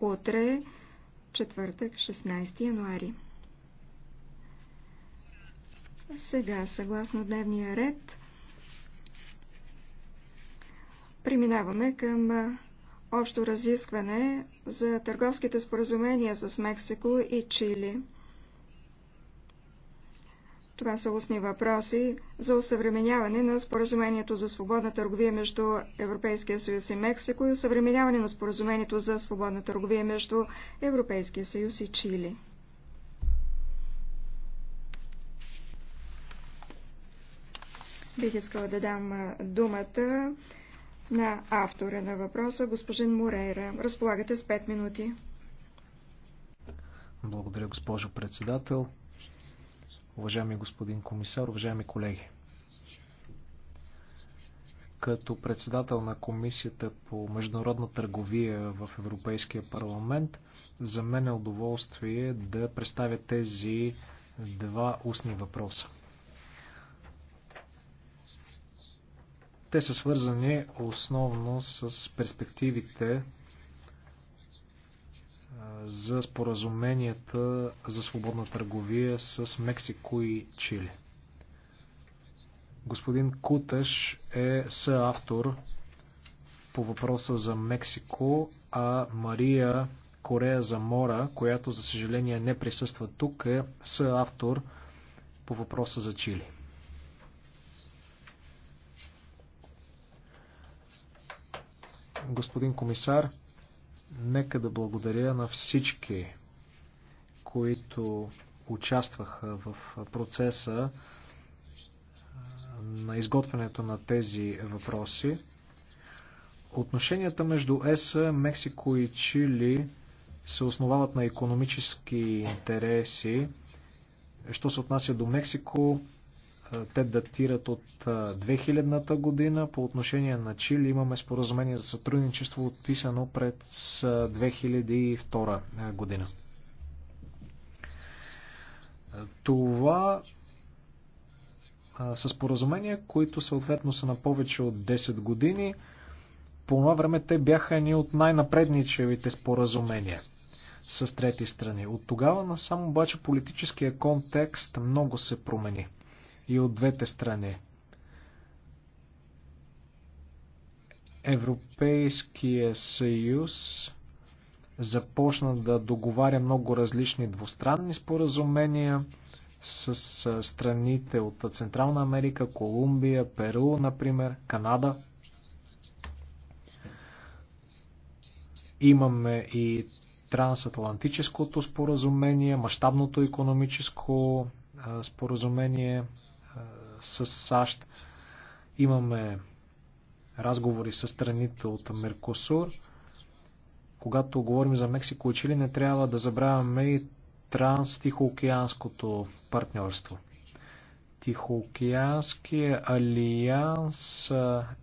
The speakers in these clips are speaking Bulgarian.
утре, четвъртък, 16 януари. Сега, съгласно дневния ред, преминаваме към общо разискване за търговските споразумения с Мексико и Чили. Това са устни въпроси за усъвременяване на споразумението за свободна търговия между Европейския съюз и Мексико и усъвременяване на споразумението за свободна търговия между Европейския съюз и Чили. Бих искала да дам думата на автора на въпроса, господин Морейра. Разполагате с 5 минути. Благодаря, госпожо председател уважаеми господин комисар, уважаеми колеги. Като председател на Комисията по международна търговия в Европейския парламент, за мен е удоволствие да представя тези два устни въпроса. Те са свързани основно с перспективите за споразуменията за свободна търговия с Мексико и Чили. Господин Кутеш е съавтор по въпроса за Мексико, а Мария Корея Замора, която за съжаление не присъства тук, е съавтор по въпроса за Чили. Господин комисар, Нека да благодаря на всички, които участваха в процеса на изготвянето на тези въпроси. Отношенията между ЕС, Мексико и Чили се основават на економически интереси. Що се отнася до Мексико, те датират от 2000-та година. По отношение на Чили имаме споразумение за сътрудничество, отписано пред 2002 година. Това са споразумения, които съответно са на повече от 10 години. По това време те бяха едни от най-напредничевите споразумения с трети страни. От тогава насам обаче политическия контекст много се промени и от двете страни. Европейския съюз започна да договаря много различни двустранни споразумения с страните от Централна Америка, Колумбия, Перу, например, Канада. Имаме и трансатлантическото споразумение, мащабното економическо споразумение с САЩ. Имаме разговори с страните от Меркосур. Когато говорим за Мексико и Чили, не трябва да забравяме и транс-тихоокеанското партньорство. Тихоокеанския алианс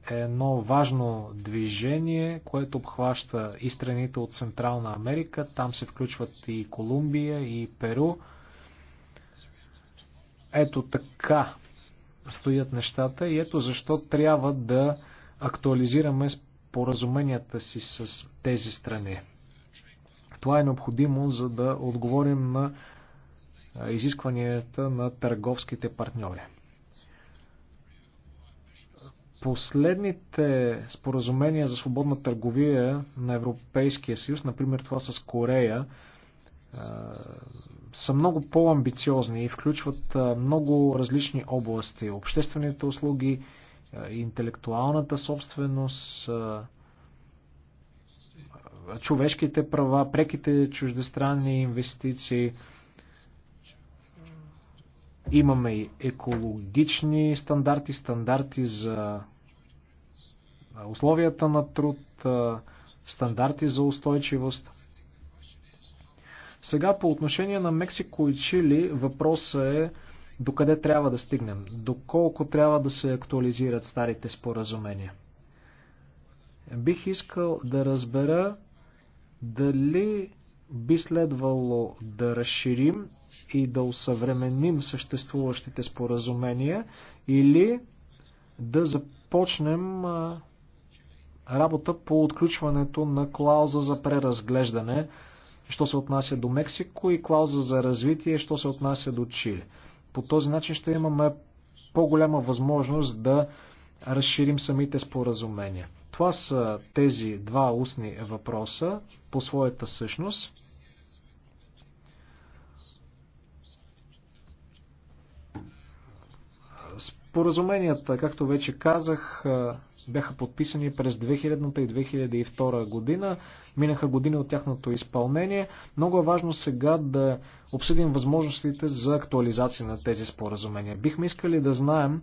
е едно важно движение, което обхваща и страните от Централна Америка, там се включват и Колумбия, и Перу. Ето така стоят нещата и ето защо трябва да актуализираме споразуменията си с тези страни. Това е необходимо, за да отговорим на изискванията на търговските партньори. Последните споразумения за свободна търговия на Европейския съюз, например това с Корея, са много по-амбициозни и включват много различни области. Обществените услуги, интелектуалната собственост, човешките права, преките чуждестранни инвестиции. Имаме и екологични стандарти, стандарти за условията на труд, стандарти за устойчивост. Сега по отношение на Мексико и Чили въпросът е докъде трябва да стигнем, доколко трябва да се актуализират старите споразумения. Бих искал да разбера дали би следвало да разширим и да усъвременим съществуващите споразумения или да започнем работа по отключването на клауза за преразглеждане, що се отнася до Мексико и клауза за развитие, що се отнася до Чили. По този начин ще имаме по-голяма възможност да разширим самите споразумения. Това са тези два устни въпроса по своята същност. Споразуменията, както вече казах, бяха подписани през 2000-та и 2002 година. Минаха години от тяхното изпълнение. Много е важно сега да обсъдим възможностите за актуализация на тези споразумения. Бихме искали да знаем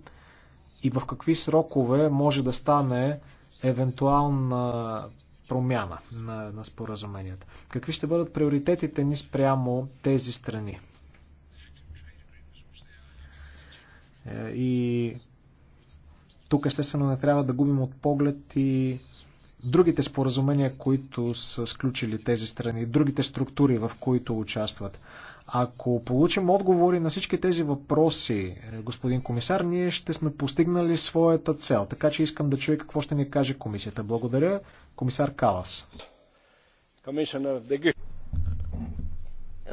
и в какви срокове може да стане евентуална промяна на, на споразуменията. Какви ще бъдат приоритетите ни спрямо тези страни? Е, и тук естествено не трябва да губим от поглед и другите споразумения, които са сключили тези страни, другите структури, в които участват. Ако получим отговори на всички тези въпроси, е, господин комисар, ние ще сме постигнали своята цел. Така че искам да чуя какво ще ни каже комисията. Благодаря, комисар Калас.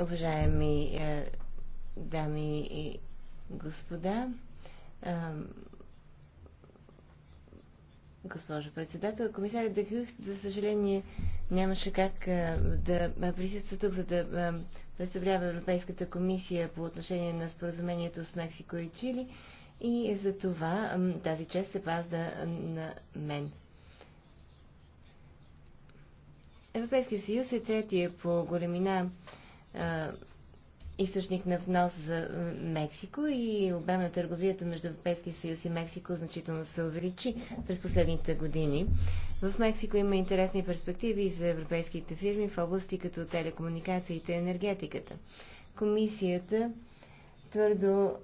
Уважаеми е, дами и господа. Госпожо председател, комисарят Дехюх, за съжаление, нямаше как да присъства тук, за да представлява Европейската комисия по отношение на споразумението с Мексико и Чили. И за това тази чест се пазда на мен. Европейския съюз е третия по големина източник на внос за Мексико и обем на търговията между Европейския съюз и Мексико значително се увеличи през последните години. В Мексико има интересни перспективи за европейските фирми в области като телекомуникациите и енергетиката. Комисията твърдо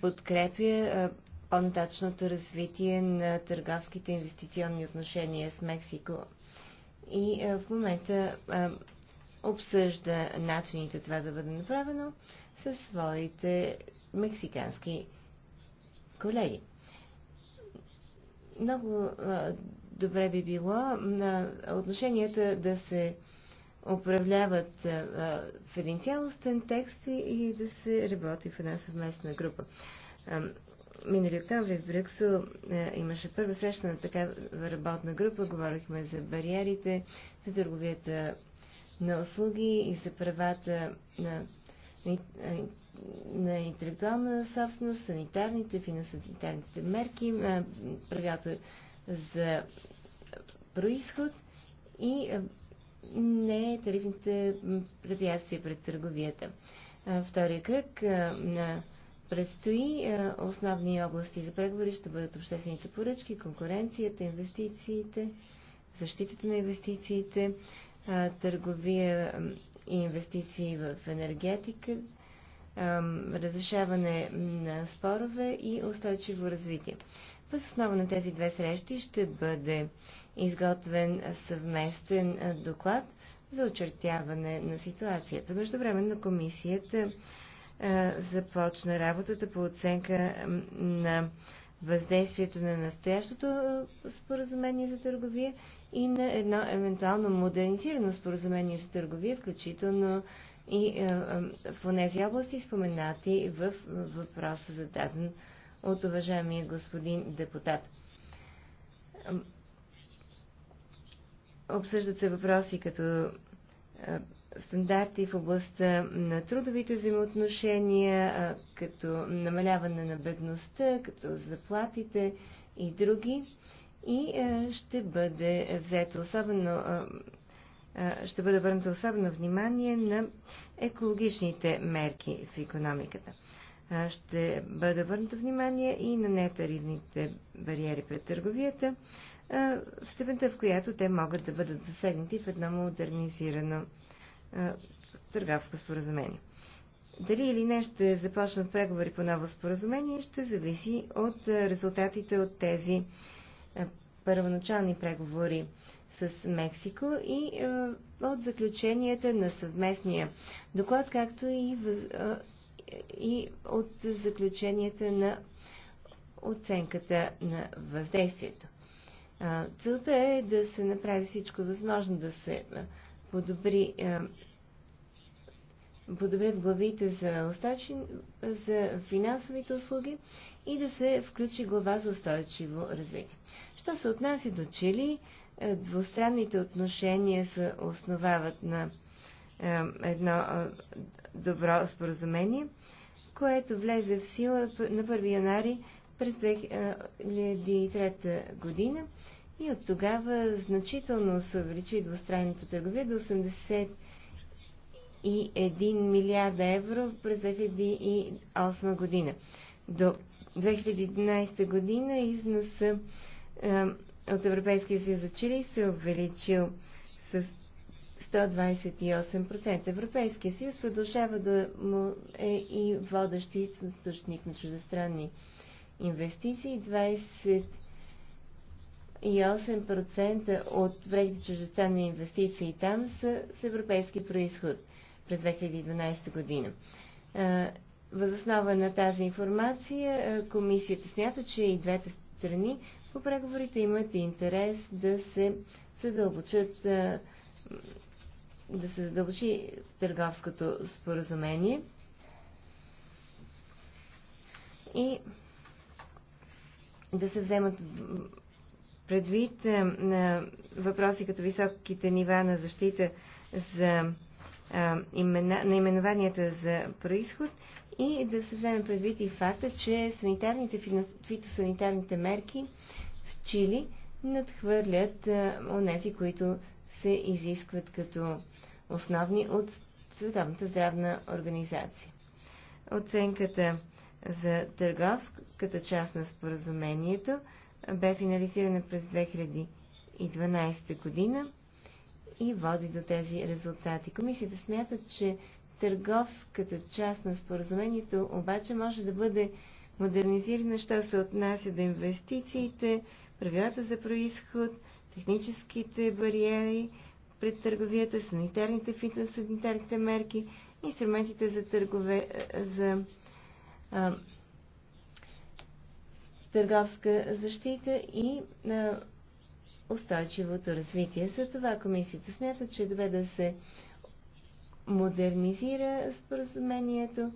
подкрепя по-нататъчното развитие на търговските инвестиционни отношения с Мексико. И в момента обсъжда начините това да бъде направено със своите мексикански колеги. Много а, добре би било на отношенията да се управляват а, в един цялостен текст и да се работи в една съвместна група. А, минали октомври в Брюксел имаше първа среща на такава работна група. Говорихме за бариерите, за търговията на услуги и за правата на, на, на интелектуална собственост, санитарните, финансово-санитарните мерки, правилата за происход и не тарифните препятствия пред търговията. Втория кръг на предстои основни области за преговори ще бъдат обществените поръчки, конкуренцията, инвестициите, защитата на инвестициите, търговия и инвестиции в енергетика, разрешаване на спорове и устойчиво развитие. Въз основа на тези две срещи ще бъде изготвен съвместен доклад за очертяване на ситуацията. Междувременно комисията започна работата по оценка на въздействието на настоящото споразумение за търговия и на едно евентуално модернизирано споразумение с търговия, включително и е, е, в тези области, споменати в въпроса зададен от уважаемия господин депутат. Обсъждат се въпроси като е, стандарти в областта на трудовите взаимоотношения, като намаляване на бедността, като заплатите и други и е, ще бъде взето особено е, е, ще бъде върнато особено внимание на екологичните мерки в економиката. Ще бъде върнато внимание и на нетарифните бариери пред търговията, в степента в която те могат да бъдат засегнати в едно модернизирано търговско споразумение. Дали или не ще започнат преговори по ново споразумение, ще зависи от резултатите от тези е, първоначални преговори с Мексико и е, от заключенията на съвместния доклад, както и, въз, е, и от заключенията на оценката на въздействието. Целта е да се направи всичко възможно да се подобри подобрят главите за, остачин, за финансовите услуги и да се включи глава за устойчиво развитие. Що се отнася до Чили, е, двустранните отношения се основават на е, едно е, добро споразумение, което влезе в сила на 1 януари през 2003 година и от тогава значително се увеличи двустранната търговия до 81 милиарда евро през 2008 година, до 2011 година износа е, от Европейския съюз за Чили се е увеличил с 128%. Европейския съюз продължава да му е и водещ източник на чуждестранни инвестиции. 28% от преките чуждестранни инвестиции там са с европейски происход през 2012 година. Е, Възоснова на тази информация е, комисията смята, че и двете страни по преговорите имат интерес да се задълбочат е, да се задълбочи търговското споразумение и да се вземат предвид е, на въпроси като високите нива на защита за имена, наименованията за происход, и да се вземе предвид и факта, че санитарните, фитосанитарните мерки в Чили надхвърлят онези, които се изискват като основни от Световната здравна организация. Оценката за търговската част на споразумението бе финализирана през 2012 година и води до тези резултати. Комисията смята, че Търговската част на споразумението обаче може да бъде модернизирана, що се отнася до инвестициите, правилата за происход, техническите бариери пред търговията, санитарните, фитосанитарните мерки, инструментите за, търгове, за а, търговска защита и а, устойчивото развитие. За това комисията смята, че е добре да се модернизира споразумението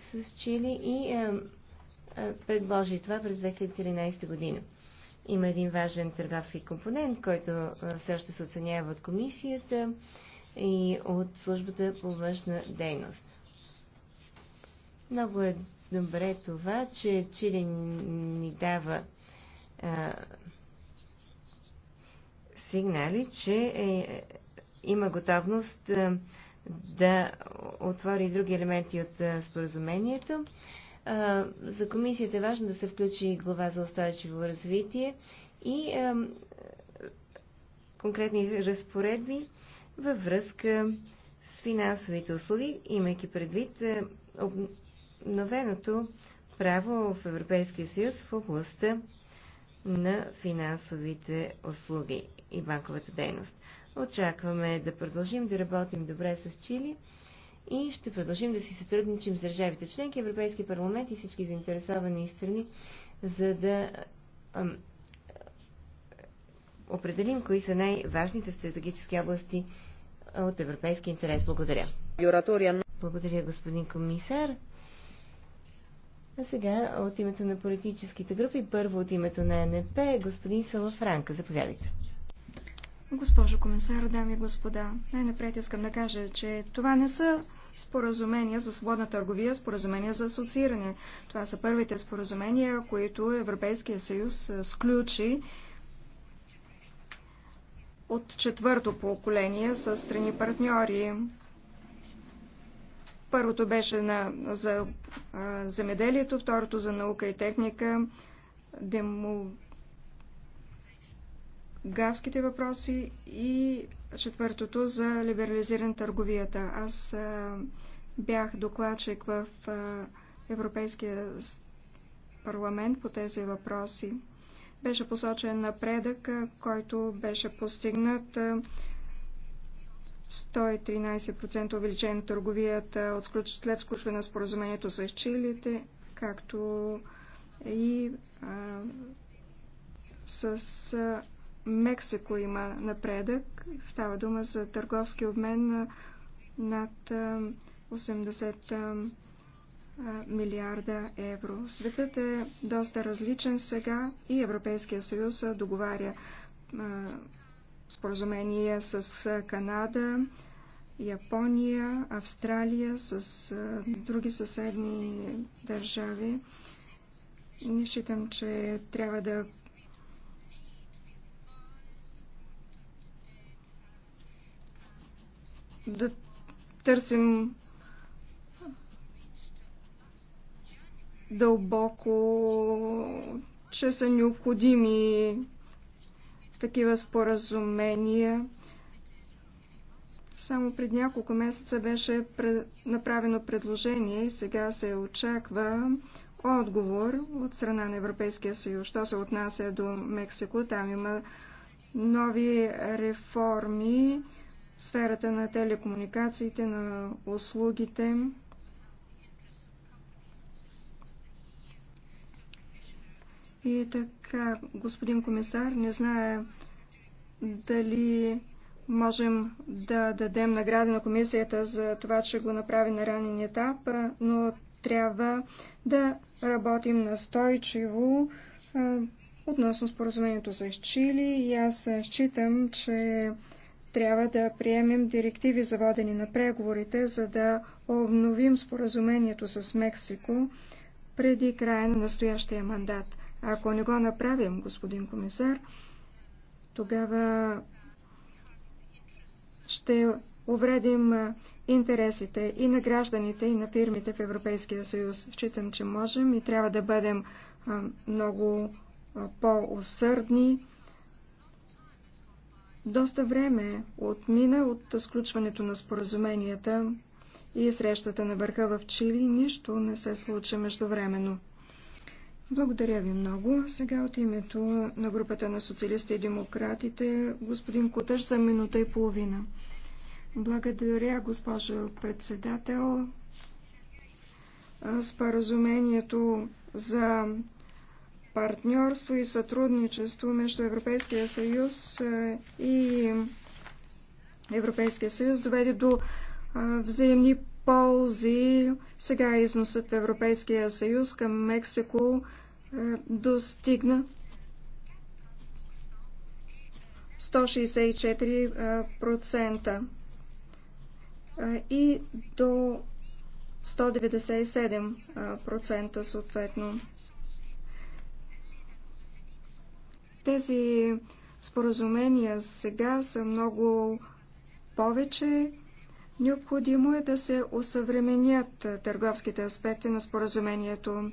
с Чили и е, е, предложи това през 2013 година. Има един важен търговски компонент, който е, все още се оценява от комисията и от службата по външна дейност. Много е добре това, че Чили ни дава е, сигнали, че е, има готовност Е, да отвори други елементи от споразумението. За комисията е важно да се включи глава за устойчиво развитие и конкретни разпоредби във връзка с финансовите услуги, имайки предвид обновеното право в Европейския съюз в областта на финансовите услуги и банковата дейност. Очакваме да продължим да работим добре с Чили и ще продължим да си сътрудничим с държавите членки, Европейски парламент и всички заинтересовани страни, за да ам, определим кои са най-важните стратегически области от европейски интерес. Благодаря. Благодаря, господин комисар. А сега от името на политическите групи, първо от името на НП, господин Салафранка. Заповядайте. Госпожо комисар, дами и господа, най-напред искам да кажа, че това не са споразумения за свободна търговия, споразумения за асоцииране. Това са първите споразумения, които Европейския съюз сключи от четвърто поколение с страни партньори. Първото беше на, за а, земеделието, второто за наука и техника, демо, гавските въпроси и четвъртото за либерализиране търговията. Аз а, бях докладчик в а, Европейския парламент по тези въпроси. Беше посочен напредък, а, който беше постигнат а, 113% увеличение на търговията от сключ... след сключване на споразумението с Чилите, както и а, с а, Мексико има напредък. Става дума за търговски обмен над 80 милиарда евро. Светът е доста различен сега и Европейския съюз договаря споразумение с Канада, Япония, Австралия, с други съседни държави. Не считам, че трябва да да търсим дълбоко, че са необходими такива споразумения. Само пред няколко месеца беше направено предложение и сега се очаква отговор от страна на Европейския съюз. Що се отнася до Мексико, там има нови реформи, сферата на телекомуникациите, на услугите. И така, господин комисар, не знае дали можем да дадем награда на комисията за това, че го направи на ранен етап, но трябва да работим настойчиво относно споразумението за Чили и аз считам, че трябва да приемем директиви за водени на преговорите, за да обновим споразумението с Мексико преди края на настоящия мандат. Ако не го направим, господин комисар, тогава ще увредим интересите и на гражданите, и на фирмите в Европейския съюз. Считам, че можем и трябва да бъдем много по-усърдни доста време отмина от сключването на споразуменията и срещата на върха в Чили. Нищо не се случи междувременно. Благодаря ви много. Сега от името на групата на социалисти и демократите, господин Кутъж, за минута и половина. Благодаря, госпожо председател. Споразумението за партньорство и сътрудничество между Европейския съюз е, и Европейския съюз доведе до е, взаимни ползи. Сега износът в Европейския съюз към Мексико е, достигна 164% и до 197% съответно. Тези споразумения сега са много повече. Необходимо е да се осъвременят търговските аспекти на споразумението.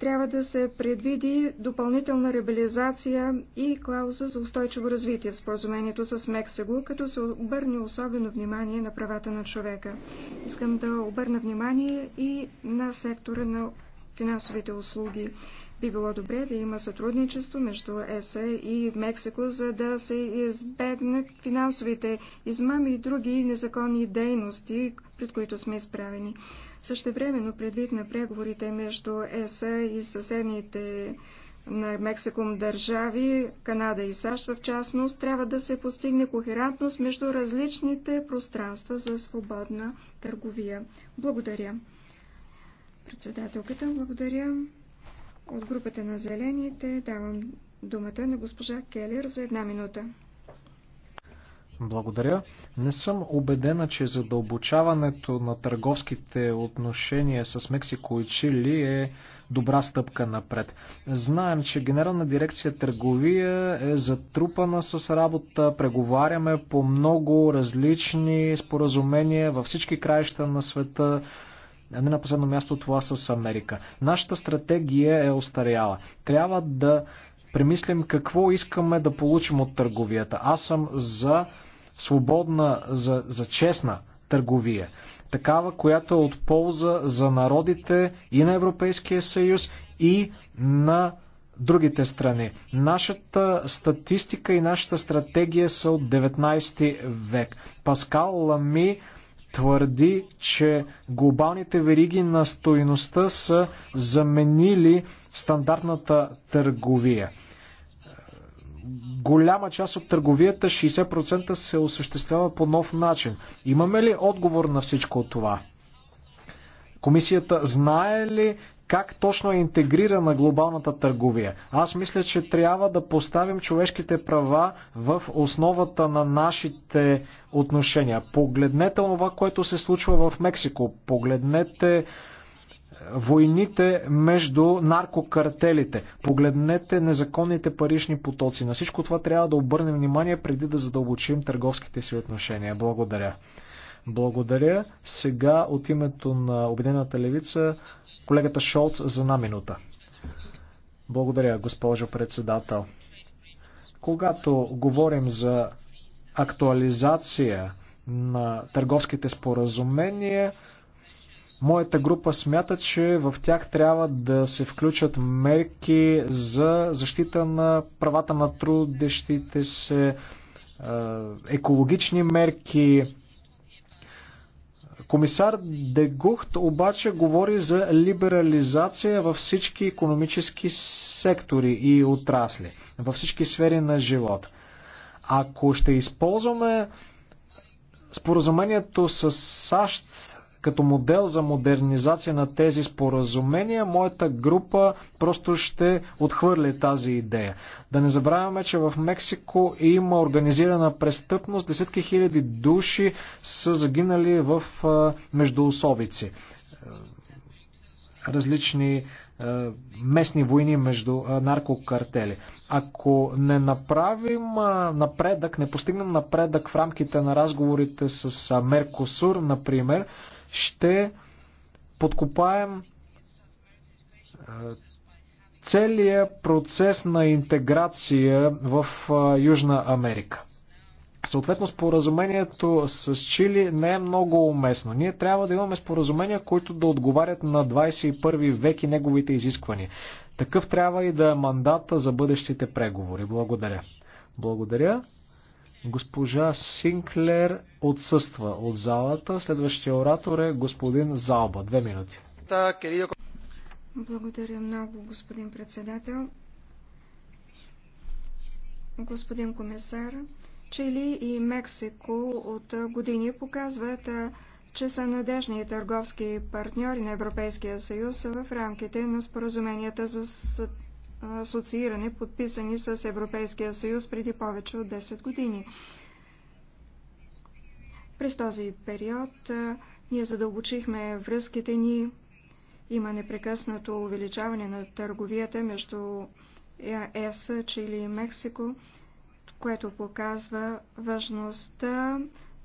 Трябва да се предвиди допълнителна реабилизация и клауза за устойчиво развитие в споразумението с Мексико, като се обърне особено внимание на правата на човека. Искам да обърна внимание и на сектора на финансовите услуги. Би било добре да има сътрудничество между ЕСА и Мексико, за да се избегнат финансовите измами и други незаконни дейности, пред които сме изправени. Същевременно, предвид на преговорите между ЕСА и съседните на Мексикум държави, Канада и САЩ в частност, трябва да се постигне кохерантност между различните пространства за свободна търговия. Благодаря. Председателката, благодаря. От групата на зелените давам думата на госпожа Келер за една минута. Благодаря. Не съм убедена, че задълбочаването на търговските отношения с Мексико и Чили е добра стъпка напред. Знаем, че Генерална дирекция търговия е затрупана с работа, преговаряме по много различни споразумения във всички краища на света, а не на последно място това с Америка. Нашата стратегия е остаряла. Трябва да премислим какво искаме да получим от търговията. Аз съм за свободна, за, за честна търговия. Такава, която е от полза за народите и на Европейския съюз, и на другите страни. Нашата статистика и нашата стратегия са от 19 век. Паскал Лами твърди, че глобалните вериги на стоиността са заменили стандартната търговия. Голяма част от търговията, 60% се осъществява по нов начин. Имаме ли отговор на всичко от това? Комисията знае ли, как точно е интегрирана глобалната търговия? Аз мисля, че трябва да поставим човешките права в основата на нашите отношения. Погледнете това, което се случва в Мексико. Погледнете е, войните между наркокартелите. Погледнете незаконните парични потоци. На всичко това трябва да обърнем внимание преди да задълбочим търговските си отношения. Благодаря. Благодаря. Сега от името на Обединената левица колегата Шолц за една минута. Благодаря, госпожо председател. Когато говорим за актуализация на търговските споразумения, моята група смята, че в тях трябва да се включат мерки за защита на правата на трудещите се, е, екологични мерки, Комисар Дегухт обаче говори за либерализация във всички економически сектори и отрасли, във всички сфери на живота. Ако ще използваме споразумението с САЩ като модел за модернизация на тези споразумения, моята група просто ще отхвърли тази идея. Да не забравяме, че в Мексико има организирана престъпност, десетки хиляди души са загинали в междуособици. Е, различни е, местни войни между е, наркокартели. Ако не направим напредък, не постигнем напредък в рамките на разговорите с Меркосур, например, ще подкопаем е, целият процес на интеграция в е, Южна Америка. Съответно, споразумението с Чили не е много уместно. Ние трябва да имаме споразумения, които да отговарят на 21 век и неговите изисквания. Такъв трябва и да е мандата за бъдещите преговори. Благодаря. Благодаря. Госпожа Синклер отсъства от залата. Следващия оратор е господин Залба. Две минути. Благодаря много, господин председател. Господин комисар, Чили и Мексико от години показват, че са надежни търговски партньори на Европейския съюз в рамките на споразуменията за асоцииране, подписани с Европейския съюз преди повече от 10 години. През този период ние задълбочихме връзките ни. Има непрекъснато увеличаване на търговията между ЕС, е Чили и Мексико, което показва важността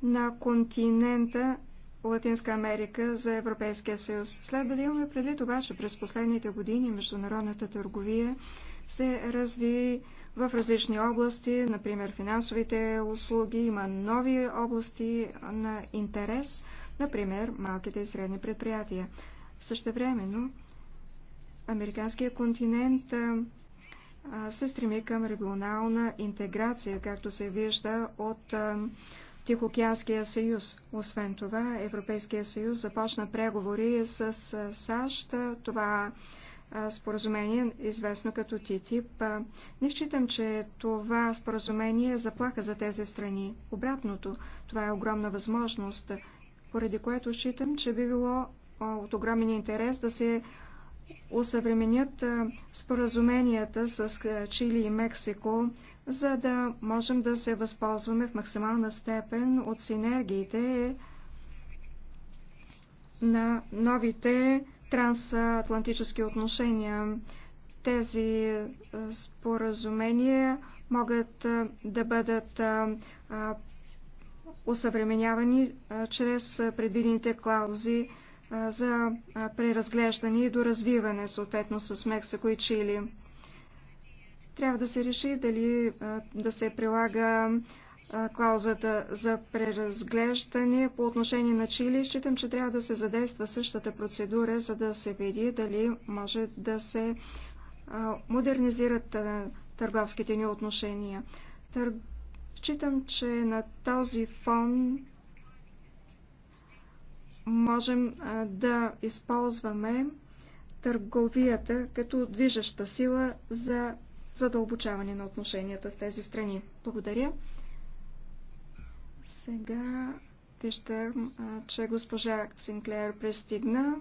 на континента Латинска Америка за Европейския съюз. Следва да имаме предвид обаче през последните години международната търговия се разви в различни области, например финансовите услуги, има нови области на интерес, например малките и средни предприятия. Същевременно, американския континент се стреми към регионална интеграция, както се вижда от Тихоокеанския съюз. Освен това, Европейския съюз започна преговори с САЩ. Това споразумение, е известно като ТИТИП. Не считам, че това споразумение е заплаха за тези страни. Обратното, това е огромна възможност, поради което считам, че би било от огромен интерес да се осъвременят споразуменията с Чили и Мексико, за да можем да се възползваме в максимална степен от синергиите на новите трансатлантически отношения. Тези е, споразумения могат е, да бъдат е, усъвременявани чрез предвидените клаузи за преразглеждане и доразвиване, съответно с Мексико и Чили. Трябва да се реши дали да се прилага клаузата за преразглеждане по отношение на Чили. Считам, че трябва да се задейства същата процедура, за да се види дали може да се модернизират търговските ни отношения. Считам, че на този фон можем да използваме търговията като движеща сила за задълбочаване на отношенията с тези страни. Благодаря. Сега виждам, че госпожа Синклер пристигна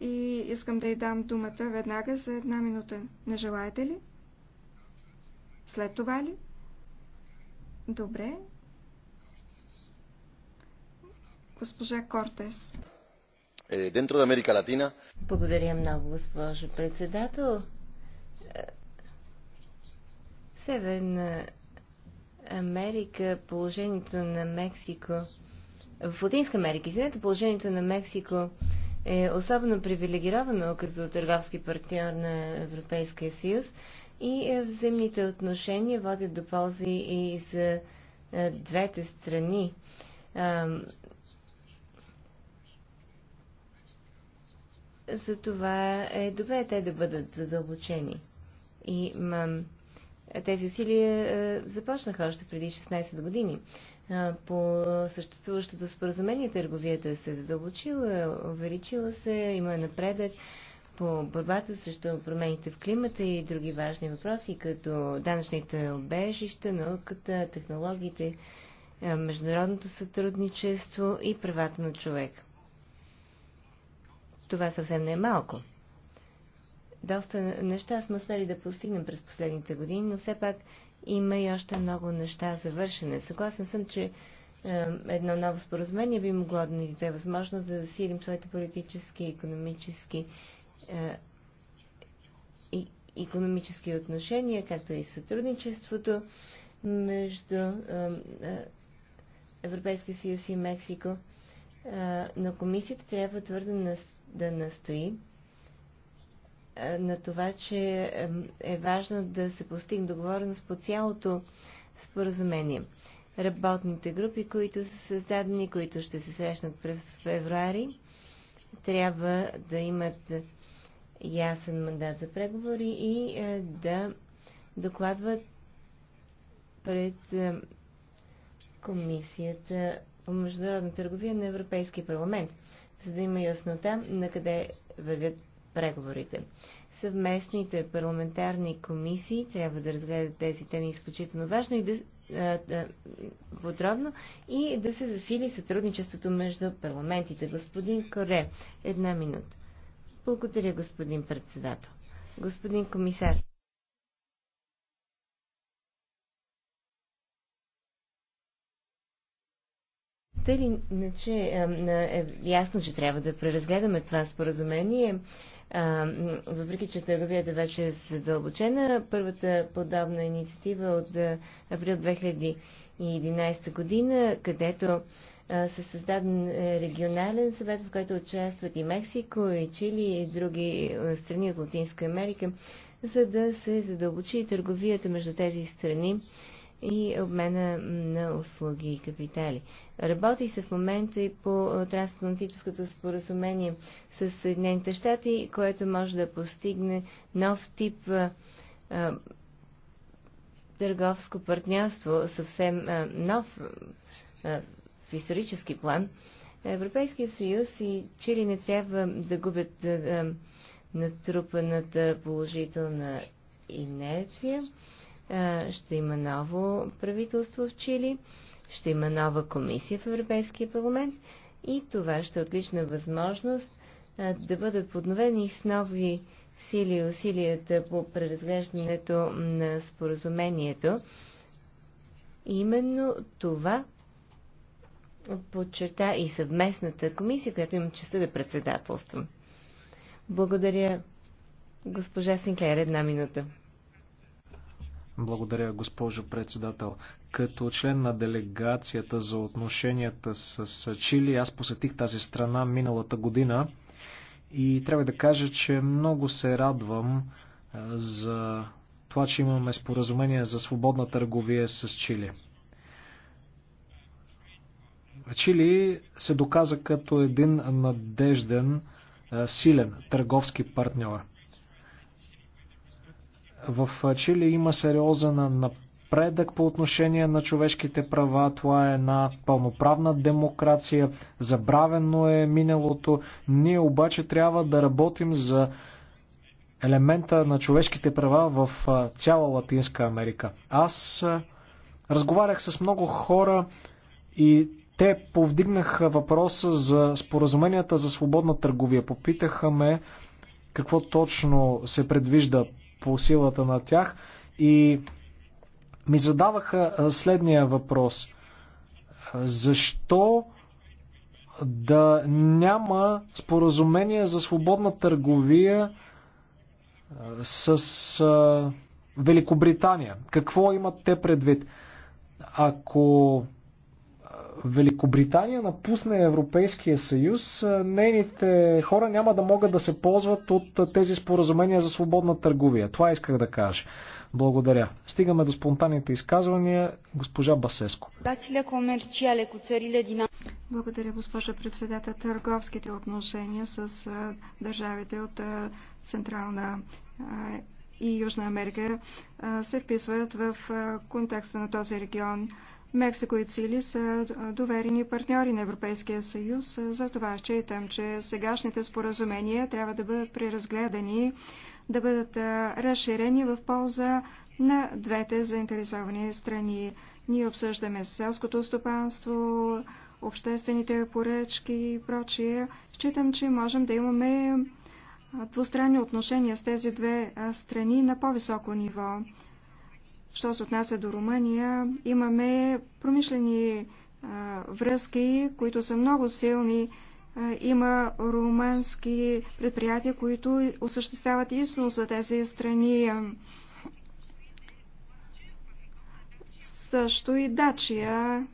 и искам да й дам думата веднага за една минута. Не желаете ли? След това ли? Добре. Госпожа Кортес. Е, Благодаря много, госпожо председател. Северна Америка положението на Мексико в Латинска Америка, извинете, положението на Мексико е особено привилегировано като търговски партньор на Европейския съюз и е, взаимните отношения водят до ползи и за е, двете страни. За това е добре те да бъдат задълбочени. И мам, тези усилия е, започнаха още преди 16 години. Е, по съществуващото споразумение търговията се задълбочила, увеличила се, има напредък по борбата срещу промените в климата и други важни въпроси, като данъчните обежища, науката, технологиите, е, международното сътрудничество и правата на човек. Това съвсем не е малко доста неща сме успели да постигнем през последните години, но все пак има и още много неща за вършене. Съгласен съм, че е, едно ново споразумение би могло да ни даде възможност да засилим своите политически, економически е, и економически отношения, както и сътрудничеството между е, Европейския съюз и Мексико. Но комисията трябва твърдо да настои е, на това, че е важно да се постигне договореност по цялото споразумение. Работните групи, които са създадени, които ще се срещнат през февруари, трябва да имат ясен мандат за преговори и е, да докладват пред е, Комисията по международна търговия на Европейския парламент, за да има яснота на къде вървят преговорите. Съвместните парламентарни комисии трябва да разгледат тези теми изключително важно и да, а, да подробно и да се засили сътрудничеството между парламентите. Господин Коре, една минута. Благодаря, господин председател. Господин комисар. Така ли, иначе е ясно, че трябва да преразгледаме това споразумение. Въпреки, че търговията вече е задълбочена, първата подобна инициатива от април 2011 година, където се създаден е, регионален съвет, в който участват и Мексико, и Чили, и други страни от Латинска Америка, за да се задълбочи търговията между тези страни и обмена на услуги и капитали. Работи се в момента и по трансатлантическото споразумение с Съединените щати, което може да постигне нов тип а, а, търговско партньорство, съвсем а, нов в исторически план. Европейския съюз и Чили не трябва да губят натрупаната положителна инерция. Е, ще има ново правителство в Чили, ще има нова комисия в Европейския парламент и това ще е отлична възможност е, да бъдат подновени с нови сили усилията по преразглеждането на споразумението. Именно това подчерта и съвместната комисия, която имам честа да председателствам. Благодаря, госпожа Синклер, една минута. Благодаря, госпожо председател. Като член на делегацията за отношенията с Чили, аз посетих тази страна миналата година и трябва да кажа, че много се радвам за това, че имаме споразумение за свободна търговия с Чили. Чили се доказа като един надежден, силен търговски партньор. В Чили има сериозен напредък по отношение на човешките права. Това е една пълноправна демокрация. Забравено е миналото. Ние обаче трябва да работим за елемента на човешките права в цяла Латинска Америка. Аз разговарях с много хора и те повдигнаха въпроса за споразуменията за свободна търговия. Попитаха ме какво точно се предвижда по силата на тях и ми задаваха следния въпрос. Защо да няма споразумение за свободна търговия с Великобритания? Какво имат те предвид? Ако Великобритания напусне Европейския съюз, нейните хора няма да могат да се ползват от тези споразумения за свободна търговия. Това исках да кажа. Благодаря. Стигаме до спонтанните изказвания. Госпожа Басеско. Благодаря, госпожа председател. Търговските отношения с държавите от Централна и Южна Америка се вписват в контекста на този регион. Мексико и Цили са доверени партньори на Европейския съюз, За това считам, че сегашните споразумения трябва да бъдат преразгледани, да бъдат разширени в полза на двете заинтересовани страни. Ние обсъждаме селското стопанство, обществените поръчки и прочие. Считам, че можем да имаме двустранни отношения с тези две страни на по-високо ниво. Що се отнася до Румъния, имаме промишлени а, връзки, които са много силни. А, има румънски предприятия, които осъществяват истинно за тези страни. Също и Дачия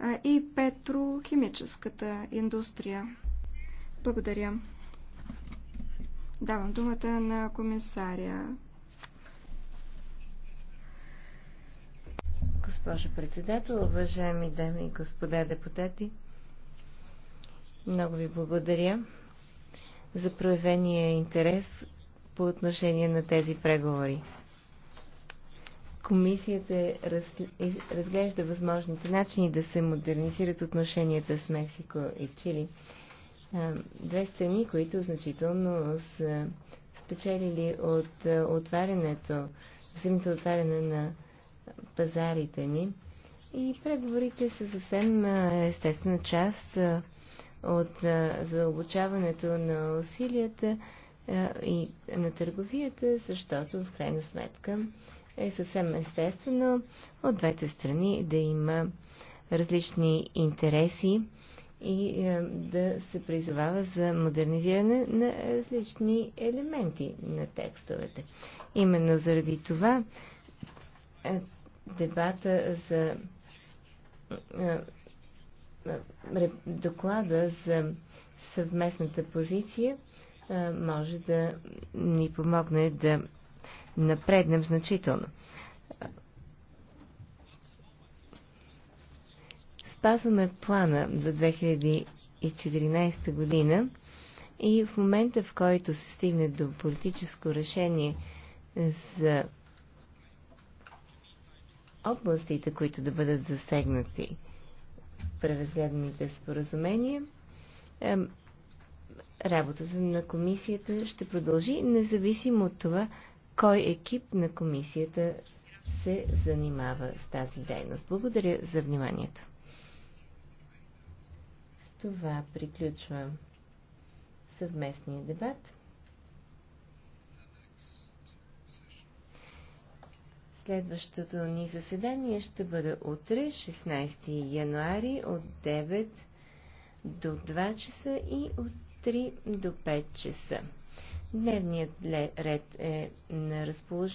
а, и петрохимическата индустрия. Благодаря. Давам думата на комисаря. госпожо председател. Уважаеми дами и господа депутати, много ви благодаря за проявения интерес по отношение на тези преговори. Комисията е разглежда възможните начини да се модернизират отношенията с Мексико и Чили. Две страни, които значително са спечелили от отварянето, взаимното отваряне на пазарите ни. И преговорите са съвсем естествена част от заобучаването на усилията и на търговията, защото в крайна сметка е съвсем естествено от двете страни да има различни интереси и да се призовава за модернизиране на различни елементи на текстовете. Именно заради това дебата за доклада за съвместната позиция може да ни помогне да напреднем значително. Спазваме плана за 2014 година и в момента, в който се стигне до политическо решение за областите, които да бъдат засегнати в преразгледаните споразумения. Работата на комисията ще продължи, независимо от това, кой екип на комисията се занимава с тази дейност. Благодаря за вниманието. С това приключвам съвместния дебат. Следващото ни заседание ще бъде утре, 16 януари, от 9 до 2 часа и от 3 до 5 часа. Дневният ред е на разположение.